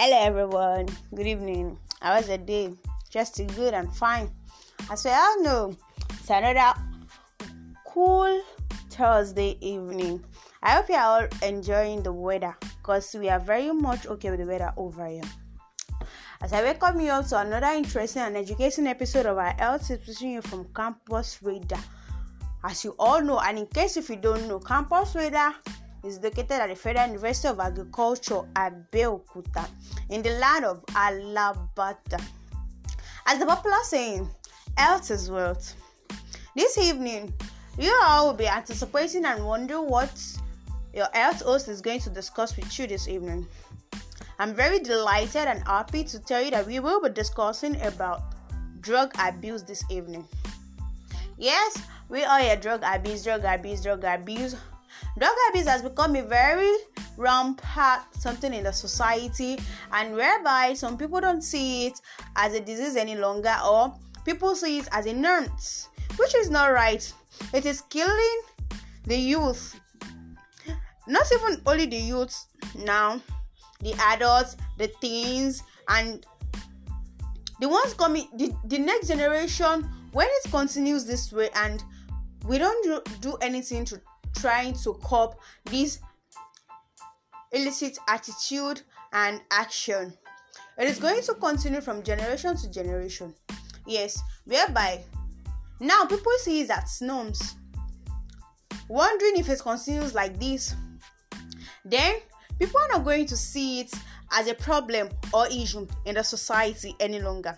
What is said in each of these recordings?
Hello everyone, good evening. How was the day? Just good and fine. As we all know, it's another cool Thursday evening. I hope you are all enjoying the weather because we are very much okay with the weather over here. As I welcome you all to another interesting and educational episode of our health tips you from Campus Radar. As you all know, and in case if you don't know, Campus Radar is located at the Federal University of Agriculture at Beokuta in the land of Alabata. As the popular saying, health is wealth. This evening, you all will be anticipating and wondering what your health host is going to discuss with you this evening. I'm very delighted and happy to tell you that we will be discussing about drug abuse this evening. Yes, we are a drug abuse, drug abuse, drug abuse Drug abuse has become a very rampant something in the society, and whereby some people don't see it as a disease any longer, or people see it as a nuisance, which is not right. It is killing the youth, not even only the youth now, the adults, the teens, and the ones coming, the, the next generation. When it continues this way, and we don't do, do anything to trying to curb this illicit attitude and action. It is going to continue from generation to generation. Yes, whereby now people see that as norms, wondering if it continues like this. Then people are not going to see it as a problem or issue in the society any longer.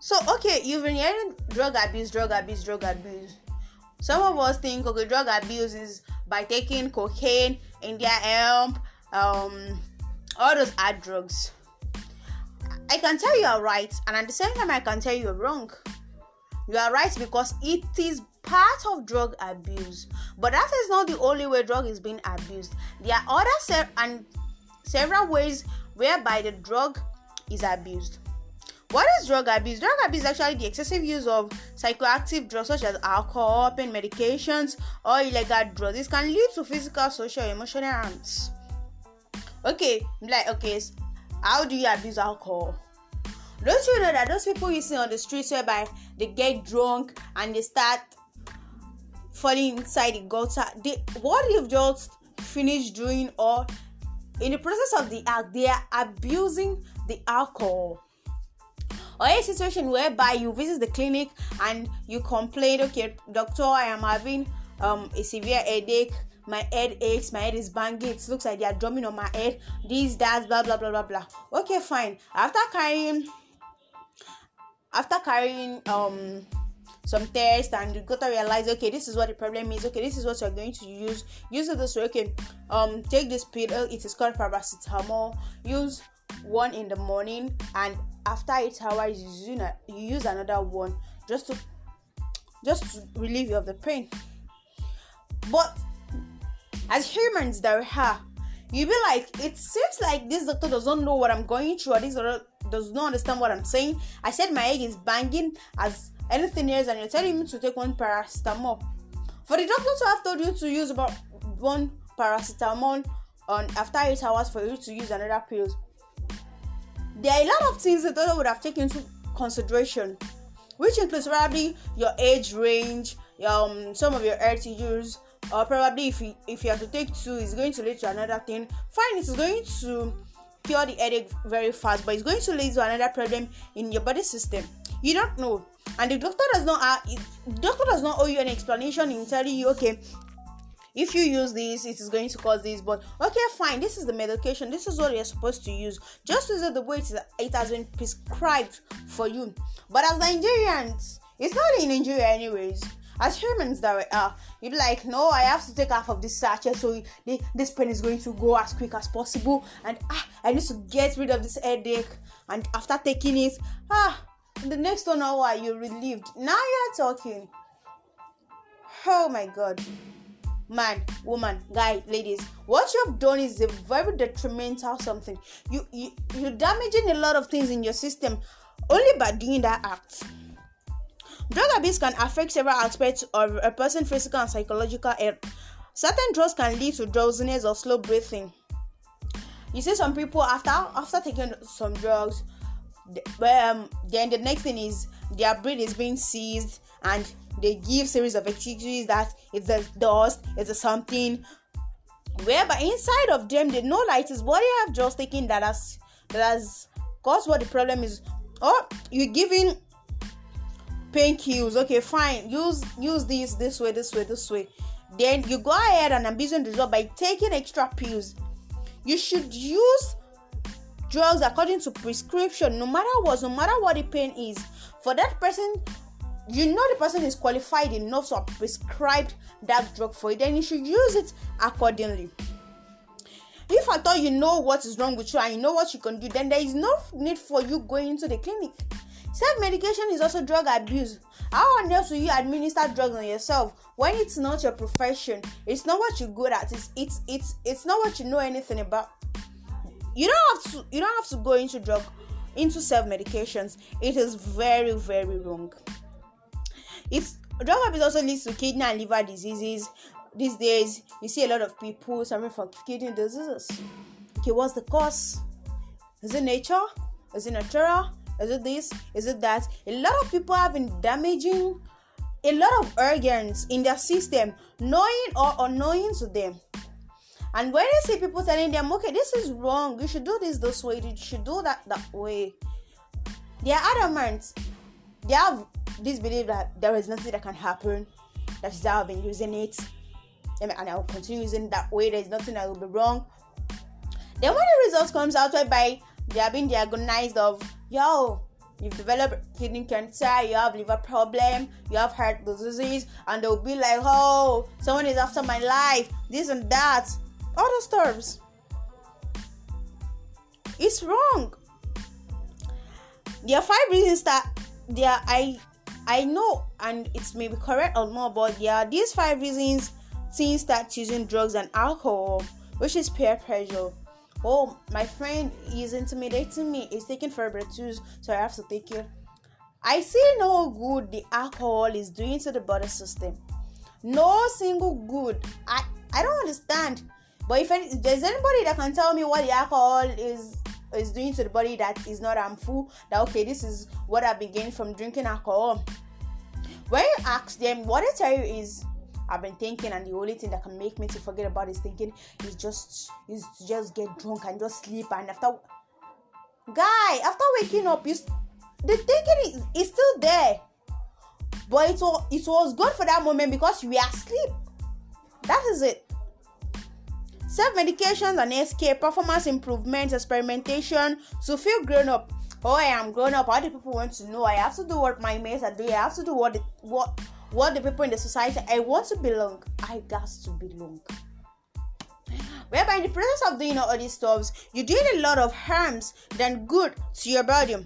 So, okay, you've been hearing drug abuse, drug abuse, drug abuse some of us think okay, drug abuse is by taking cocaine, India hemp, um, all those are drugs. I can tell you are right, and at the same time, I can tell you are wrong. You are right because it is part of drug abuse, but that is not the only way drug is being abused. There are other se- and several ways whereby the drug is abused. What is drug abuse? Drug abuse is actually the excessive use of psychoactive drugs such as alcohol, pain medications, or illegal drugs. This can lead to physical, social, emotional harms. Okay, like okay, how do you abuse alcohol? Don't you know that those people you see on the streets whereby they get drunk and they start falling inside the gutter? They what you've just finished doing or in the process of the act, they are abusing the alcohol or a situation whereby you visit the clinic and you complain, okay, doctor, I am having um, a severe headache. My head aches, my head is banging, it looks like they are drumming on my head, this, that, blah, blah, blah, blah, blah. Okay, fine. After carrying, after carrying, um, some tests and you gotta realize okay this is what the problem is okay this is what you're going to use use it this way okay um take this pill it is called paracetamol use one in the morning and after eight hours you use, you use another one just to just to relieve you of the pain but as humans there, are you be like it seems like this doctor does not know what i'm going through or this doctor does not understand what i'm saying i said my egg is banging as anything else and you're telling me to take one paracetamol for the doctor to have told you to use about one paracetamol on after eight hours for you to use another pill there are a lot of things the doctor would have taken into consideration, which includes probably your age range, um, some of your attitudes, or probably if you, if you have to take two, it's going to lead to another thing. Fine, it's going to cure the headache very fast, but it's going to lead to another problem in your body system. You don't know, and the doctor does not. Uh, doctor does not owe you an explanation in telling you, okay, if you use this it is going to cause this but okay fine this is the medication this is what you're supposed to use just use it the way it has been prescribed for you but as nigerians it's not in nigeria anyways as humans that we are, you'd be like, no, I have to take half of this sachet, so this pain is going to go as quick as possible, and ah, I need to get rid of this headache. And after taking it, ah, the next one hour oh, you're relieved. Now you're talking. Oh my god man woman guy ladies what you've done is a very detrimental something you, you you're damaging a lot of things in your system only by doing that act drug abuse can affect several aspects of a person's physical and psychological health certain drugs can lead to drowsiness or slow breathing you see some people after after taking some drugs um, then the next thing is their breed is being seized and they give series of excuses that it's a dust, it's a something. Whereby inside of them they know light. it is what they have just taken that has that has caused what the problem is. Oh, you're giving pain kills. Okay, fine. Use use this this way, this way, this way. Then you go ahead and ambition the job by taking extra pills. You should use drugs according to prescription no matter what no matter what the pain is for that person you know the person is qualified enough to have prescribed that drug for you then you should use it accordingly if at all you know what is wrong with you and you know what you can do then there is no need for you going to the clinic self-medication is also drug abuse how on earth will you administer drugs on yourself when it's not your profession it's not what you're good at it's it's it's, it's not what you know anything about you don't have to you don't have to go into drug into self medications it is very very wrong it's drug abuse also leads to kidney and liver diseases these days you see a lot of people suffering from kidney diseases okay what's the cause is it nature is it natural is it this is it that a lot of people have been damaging a lot of organs in their system knowing or unknowing to them and when you see people telling them, okay, this is wrong, you should do this this way, you should do that that way, they are adamant. They have this belief that there is nothing that can happen. That is how I've been using it, and I will continue using that way. There is nothing that will be wrong. Then when the results comes out, whereby they are being diagnosed of, yo, you've developed kidney cancer, you have liver problem, you have heart disease, and they'll be like, oh, someone is after my life, this and that other stuffs. It's wrong. There are five reasons that there I I know and it may be correct or not, but there are these five reasons teens start using drugs and alcohol, which is peer pressure. Oh, my friend is intimidating me. He's taking Febritude, so I have to take it. I see no good the alcohol is doing to the body system. No single good. I I don't understand. But if, any, there's anybody that can tell me what the alcohol is is doing to the body that is not harmful, that okay, this is what I've been getting from drinking alcohol. When you ask them what they tell you is I've been thinking, and the only thing that can make me to forget about is thinking is just is just get drunk and just sleep. And after, guy, after waking up, you the thinking is, is still there, but it was it was good for that moment because we are asleep. That is it. Self-medication and escape, performance improvements, experimentation to feel grown up. Oh, I am grown up. How do people want to know? I have to do what my mates are doing. I have to do what the, what what the people in the society. I want to belong. I got to belong. Whereby in the process of doing all these stuffs, you're doing a lot of harms than good to your body.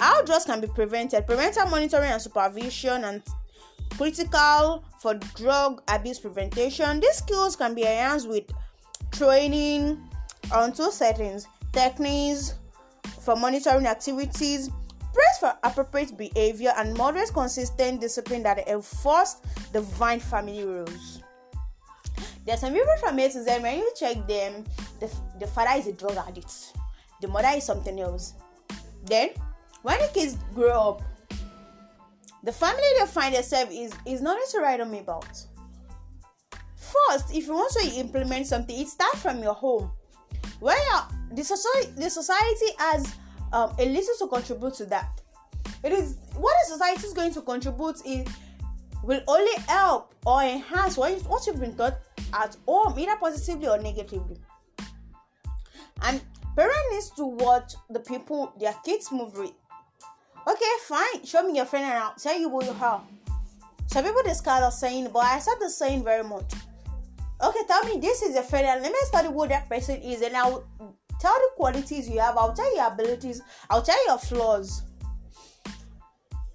How drugs can be prevented? Parental monitoring and supervision and critical for drug abuse prevention. These skills can be enhanced with training on two settings techniques for monitoring activities, praise for appropriate behavior, and modest, consistent discipline that enforce divine family rules. There's some people from A to Z, when you check them, the, the father is a drug addict, the mother is something else. Then, when the kids grow up, the family they find themselves is is nothing to write home about. First, if you want to implement something, it starts from your home. Where the society the society has um, a little to contribute to that. It is what the society is going to contribute is will only help or enhance what, you, what you've been taught at home, either positively or negatively. And parents need to watch the people their kids move with Okay, fine. Show me your friend and I'll tell you who you are. Some people discard the saying, but I accept the saying very much. Okay, tell me this is your friend and let me study who that person is and I'll tell the qualities you have. I'll tell your abilities. I'll tell your flaws.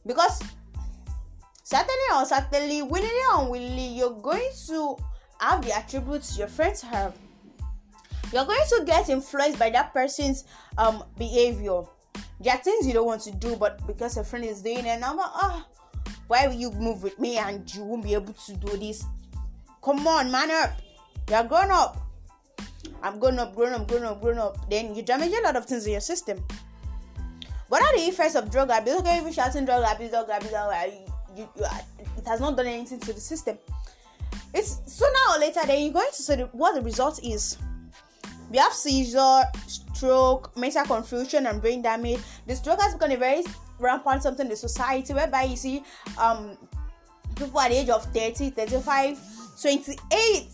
Because certainly or certainly, willingly or unwillingly, you're going to have the attributes your friends have. You're going to get influenced by that person's um, behavior there are things you don't want to do, but because a friend is doing it, I'm like, oh, why will you move with me and you won't be able to do this? Come on, man up. You're grown up. I'm grown up, grown up, grown up, grown up. Then you damage a lot of things in your system. What are the effects of drug abuse? Okay, if you're shouting drug abuse, drug abuse, you, you it has not done anything to the system. It's sooner or later, then you're going to see the, what the result is we have seizure, stroke, mental confusion, and brain damage. The stroke has become a very rampant something in the society whereby you see um, people at the age of 30, 35, 28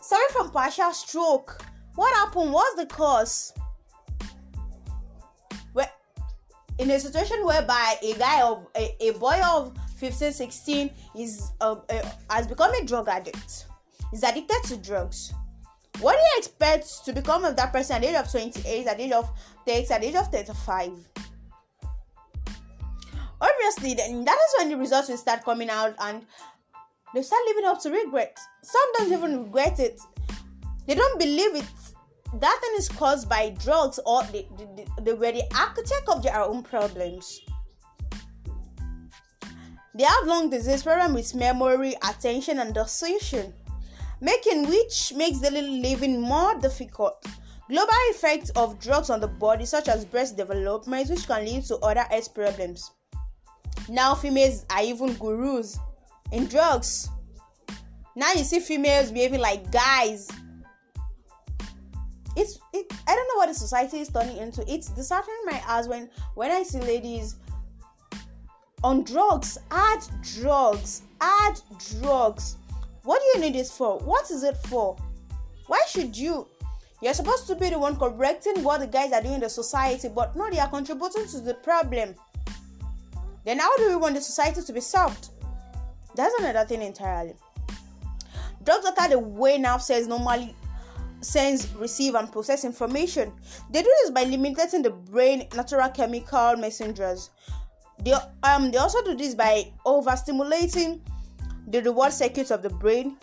suffering from partial stroke. What happened? What's the cause? Well, in a situation whereby a guy of a, a boy of 15, 16 is uh, uh, has become a drug addict, is addicted to drugs what do you expect to become of that person at the age of 28, at the age of 30, at the age of 35? Obviously, then that is when the results will start coming out and they start living up to regret. Some don't even regret it. They don't believe it. That thing is caused by drugs or they, they, they were the architect of their own problems. They have lung disease problem with memory, attention, and decision making which makes daily living more difficult. Global effects of drugs on the body, such as breast development, which can lead to other health problems. Now, females are even gurus in drugs. Now you see females behaving like guys. It's it, I don't know what the society is turning into. It's disheartening my ass when when I see ladies on drugs, Add drugs, Add drugs what do you need this for? What is it for? Why should you? You're supposed to be the one correcting what the guys are doing in the society, but no, they are contributing to the problem. Then how do we want the society to be solved? That's another thing entirely. Drugs that the way now says normally sends, receive, and process information. They do this by limiting the brain natural chemical messengers. They um they also do this by overstimulating the reward circuits of the brain.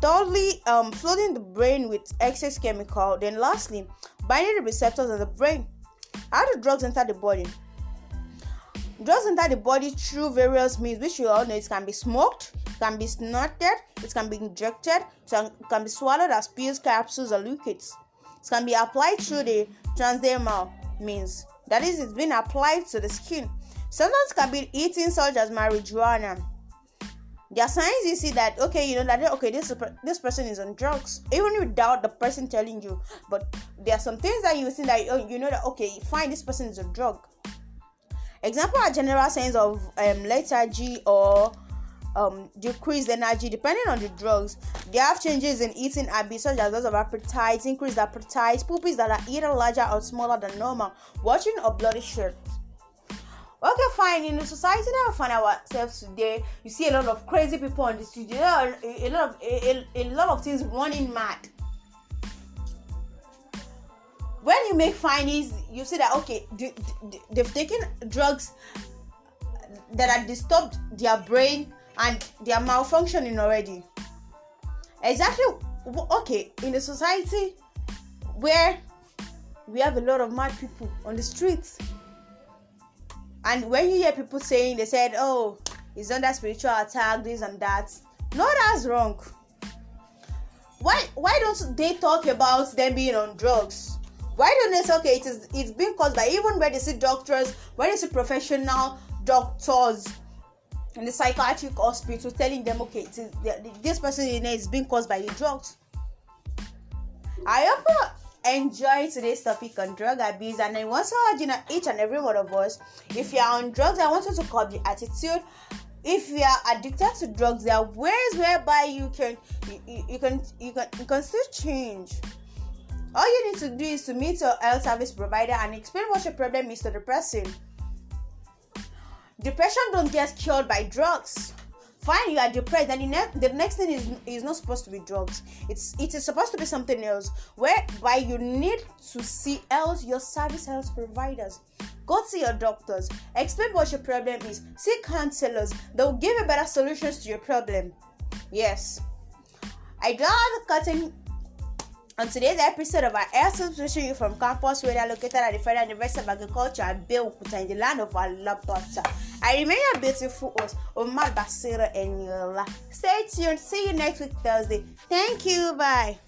Thirdly, um, flooding the brain with excess chemical. Then, lastly, binding the receptors in the brain. How do drugs enter the body? Drugs enter the body through various means, which you all know. It can be smoked, it can be snorted, it can be injected, it can be swallowed as pills, capsules, or liquids. It can be applied through the transdermal means. That is, it's been applied to the skin. Sometimes it can be eaten, such as marijuana there are signs you see that okay you know that okay this this person is on drugs even without the person telling you but there are some things that you see that oh, you know that okay fine this person is a drug example are general signs of um, lethargy or um, decreased energy depending on the drugs they have changes in eating habits such as those of appetite increased appetite poopies that are either larger or smaller than normal watching or bloody shirts okay fine in the society that we find ourselves today you see a lot of crazy people on the street a, lot of a, a, lot of things running mad when you make findings you see that okay they've taken drugs that have disturbed their brain and they are malfunctioning already exactly okay in the society where we have a lot of mad people on the streets and when you hear people saying they said, "Oh, it's under spiritual attack, this and that," no, that's wrong. Why why don't they talk about them being on drugs? Why don't they say, okay, it is it's being caused by even when they see doctors, when they see professional doctors in the psychiatric hospital telling them, okay, it is, this person is being caused by the drugs. I hope enjoy today's topic on drug abuse and I want to urge you know, each and every one of us if you are on drugs I want you to curb your attitude if you are addicted to drugs there are ways whereby you can you, you, you can you can you can still change all you need to do is to meet your health service provider and explain what your problem is to the person depression don't get cured by drugs fine you are depressed and the, ne- the next thing is is not supposed to be drugs it's it is supposed to be something else whereby you need to see else your service health providers go to your doctors explain what your problem is see counselors they'll give you better solutions to your problem yes i draw the curtain On today's episode of our air subscription, you from campus where they are located at the Federal University of Agriculture at Beokuta in the land of our love daughter. I remain your beautiful host, Omar Basira Eniola. Stay tuned. See you next week Thursday. Thank you. Bye.